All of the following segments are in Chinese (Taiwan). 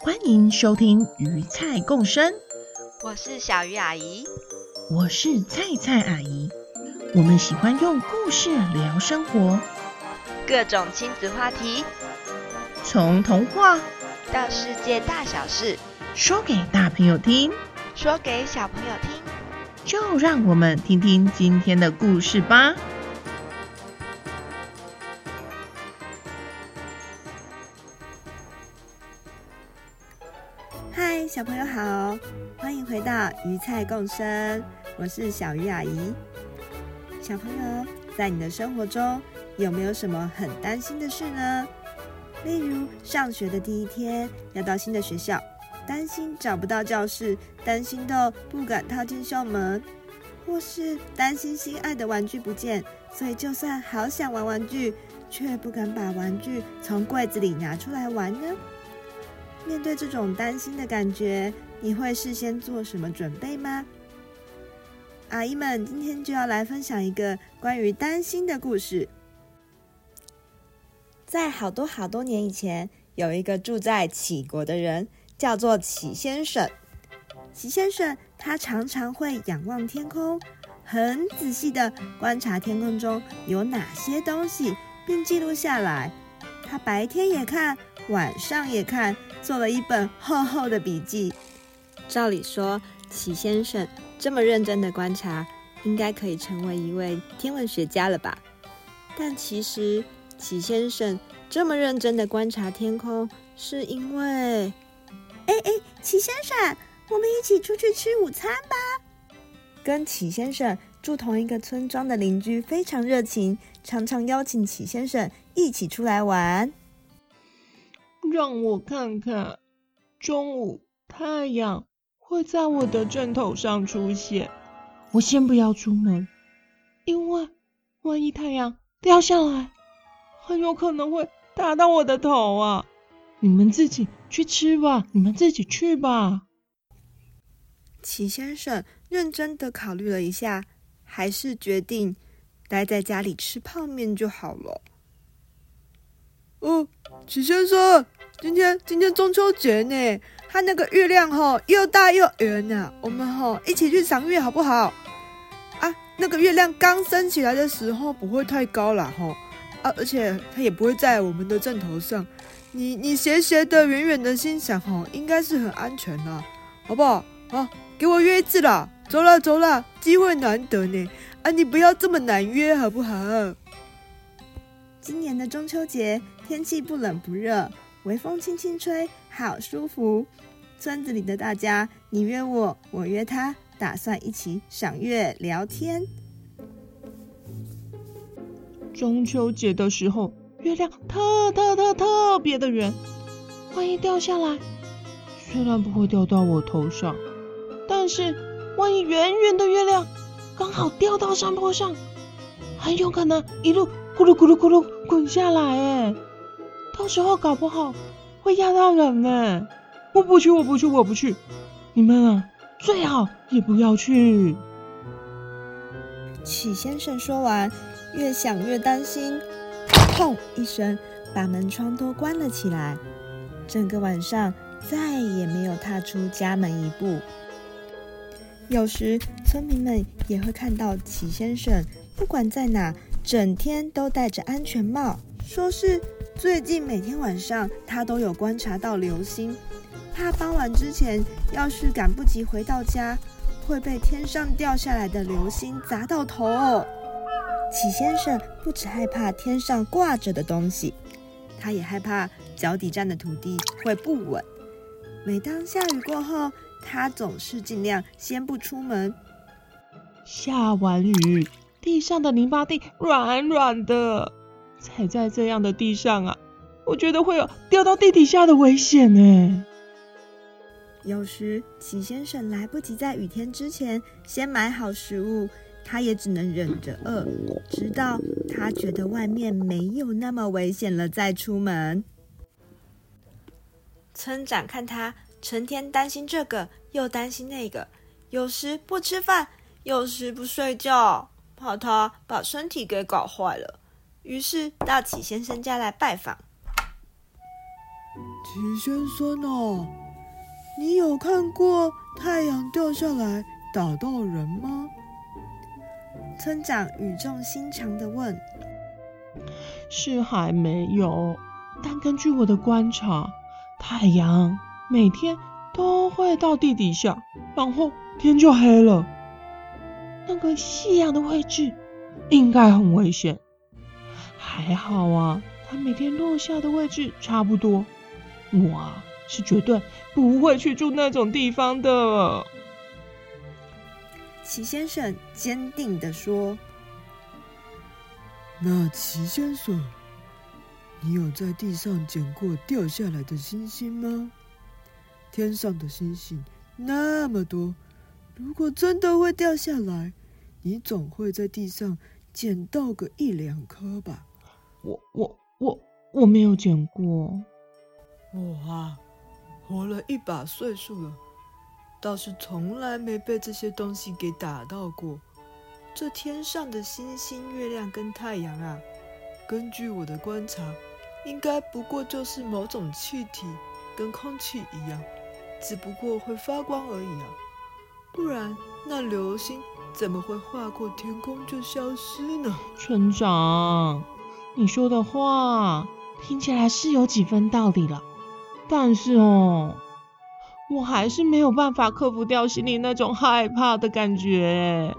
歡迎收聽《魚菜共生》，我是小魚阿姨，我是菜菜阿姨，我們喜歡用故事聊生活，各種親子話題，從童話到世界大小事，說給大朋友聽，說給小朋友聽，就讓我們聽聽今天的故事吧。小朋友好，歡迎回到魚菜共生，我是小魚阿姨。小朋友，在你的生活中有沒有什麼很擔心的事呢？例如上學的第一天要到新的學校，擔心找不到教室，擔心到不敢踏進校門，或是擔心心愛的玩具不見，所以就算好想玩玩具，卻不敢把玩具從櫃子裡拿出來玩呢？面對這種擔心的感覺，你會事先做什麼準備嗎？阿姨們，今天就要來分享一個關於擔心的故事。在好多好多年以前，有一個住在杞國的人，叫做杞先生。杞先生他常常會仰望天空，很仔細的觀察天空中有哪些東西，並記錄下來。他白天也看。晚上也看，做了一本厚厚的筆記。照理說，杞先生這麼認真的觀察，應該可以成為一位天文學家了吧？但其實，杞先生這麼認真的觀察天空，是因為……哎哎，杞先生，我們一起出去吃午餐吧？跟杞先生住同一個村莊的鄰居非常熱情，常常邀請杞先生一起出來玩。讓我看看，中午太陽會在我的枕頭上出現。我先不要出門，因為萬一太陽掉下來，很有可能會打到我的頭啊！你們自己去吃吧，你們自己去吧。杞先生認真地考慮了一下，還是決定待在家裡吃泡麵就好了。哦，杞先生。今天今天中秋節呢，它那個月亮哈又大又圓呐，我們吼，一起去賞月好不好？啊，那個月亮剛升起來的時候不會太高了哈，啊而且它也不會在我們的正頭上，你你斜斜的遠遠的欣賞哦，應該是很安全啦，好不好啊？給我約一次啦，走了走了，機會難得呢，啊你不要這麼難約好不好？今年的中秋節天氣不冷不熱。微風輕輕吹，好舒服。村子裡的大家，你約我，我約他，打算一起賞月聊天。中秋節的時候，月亮特特特特別的圓。萬一掉下來，雖然不會掉到我頭上，但是萬一圓圓的月亮剛好掉到山坡上，很有可能一路咕嚕咕嚕咕嚕滾下來誒。到時候搞不好會壓到人呢！我不去，我不去，我不去！你們啊，最好也不要去。杞先生說完，越想越擔心，砰一聲把門窗都關了起來，整個晚上再也沒有踏出家門一步。有時村民們也會看到杞先生，不管在哪，整天都戴着安全帽，說是。最近每天晚上，他都有觀察到流星，怕傍晚之前要是趕不及回到家，會被天上掉下來的流星砸到頭哦。杞先生不只害怕天上掛着的東西，他也害怕腳底站的土地會不穩。每當下雨過後，他總是儘量先不出門。下完雨，地上的泥巴地軟軟的。踩在這樣的地上啊，我覺得會有掉到地底下的危險呢、欸。有時杞先生來不及在雨天之前先買好食物，他也只能忍着餓，直到他覺得外面沒有那麼危險了再出門。村長看他成天擔心這個又擔心那個，有時不吃飯，有時不睡覺，怕他把身體給搞壞了。於是到杞先生家來拜訪。杞先生啊、哦，你有看過太陽掉下來打到人嗎？村長語重心長地問。是還沒有，但根據我的觀察，太陽每天都會到地底下，然後天就黑了。那個夕陽的位置應該很危險。還好啊，他每天落下的位置差不多。我啊，是絕對不會去住那種地方的。杞先生堅定地說：“那杞先生，你有在地上撿過掉下來的星星嗎？天上的星星那麼多，如果真的會掉下來，你總會在地上撿到個一兩顆吧？”我我我我沒有撿過，我啊，活了一把歲數了，倒是從來沒被這些東西給打到過。這天上的星星、月亮跟太陽啊，根據我的觀察，應該不過就是某種氣體，跟空氣一樣，只不過會發光而已啊。不然那流星怎麼會劃過天空就消失呢？村長。你說的話聽起來是有幾分道理了，但是哦，我還是沒有辦法克服掉心裡那種害怕的感覺。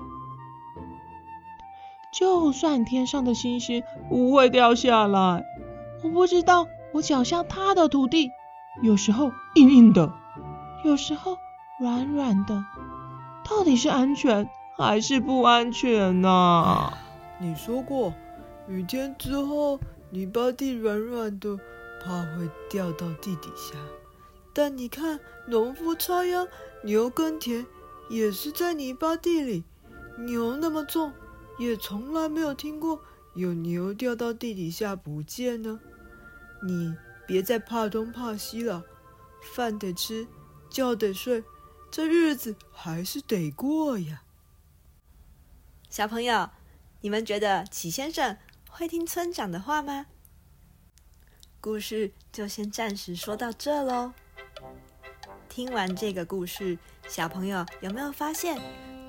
就算天上的星星不會掉下來，我不知道我腳下踏的土地有時候硬硬的，有時候軟軟的，到底是安全還是不安全呢？啊？你說過。雨天之後，泥巴地軟軟的，怕會掉到地底下。但你看，農夫插秧，牛耕田，也是在泥巴地裡。牛那麼重，也從來沒有聽過有牛掉到地底下不見呢。你別再怕東怕西了，飯得吃，覺得睡，這日子還是得過呀。小朋友，你們覺得杞先生？會聽村長的話嗎？故事就先暫時說到這嘍。聽完這個故事，小朋友有沒有發現，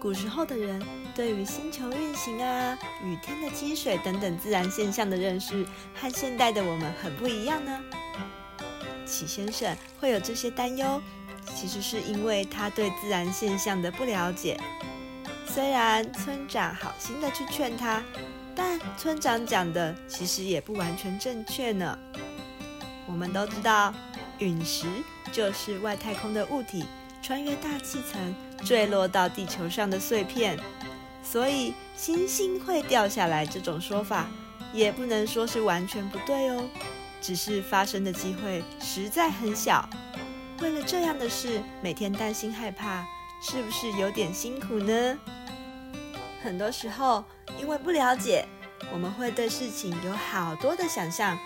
古時候的人對於星球運行啊、雨天的積水等等自然現象的認識，和現代的我們很不一樣呢？杞先生會有這些擔憂，其實是因為他對自然現象的不了解。雖然村長好心的去勸他。但村長講的其實也不完全正確呢。我們都知道，隕石就是外太空的物體穿越大氣層墜落到地球上的碎片，所以星星會掉下來這種說法，也不能說是完全不對哦。只是發生的機會實在很小。為了這樣的事，每天擔心害怕，是不是有點辛苦呢？很多時候，因為不了解，我們會對事情有好多的想象。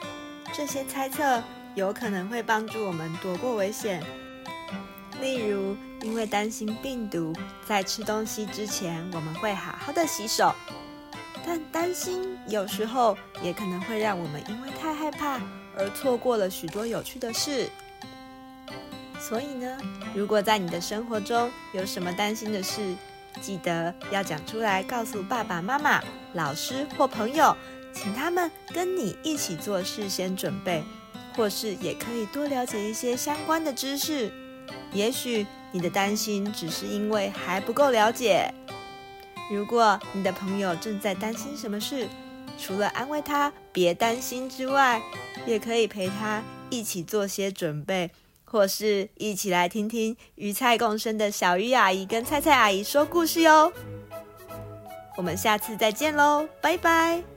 這些猜測有可能會幫助我們躲過危險。例如，因為擔心病毒，在吃東西之前，我們會好好的洗手。但擔心有時候也可能會讓我們因為太害怕而錯過了許多有趣的事。所以呢，如果在你的生活中有什麼擔心的事，記得要講出來，告訴爸爸媽媽、老師或朋友，請他們跟你一起做事先準備，或是也可以多了解一些相關的知識。也許你的擔心只是因為還不夠了解。如果你的朋友正在擔心什麼事，除了安慰他別擔心之外，也可以陪他一起做些準備。或是一起來聽聽魚菜共生的小魚阿姨跟菜菜阿姨說故事喲。我們下次再見嘍，拜拜。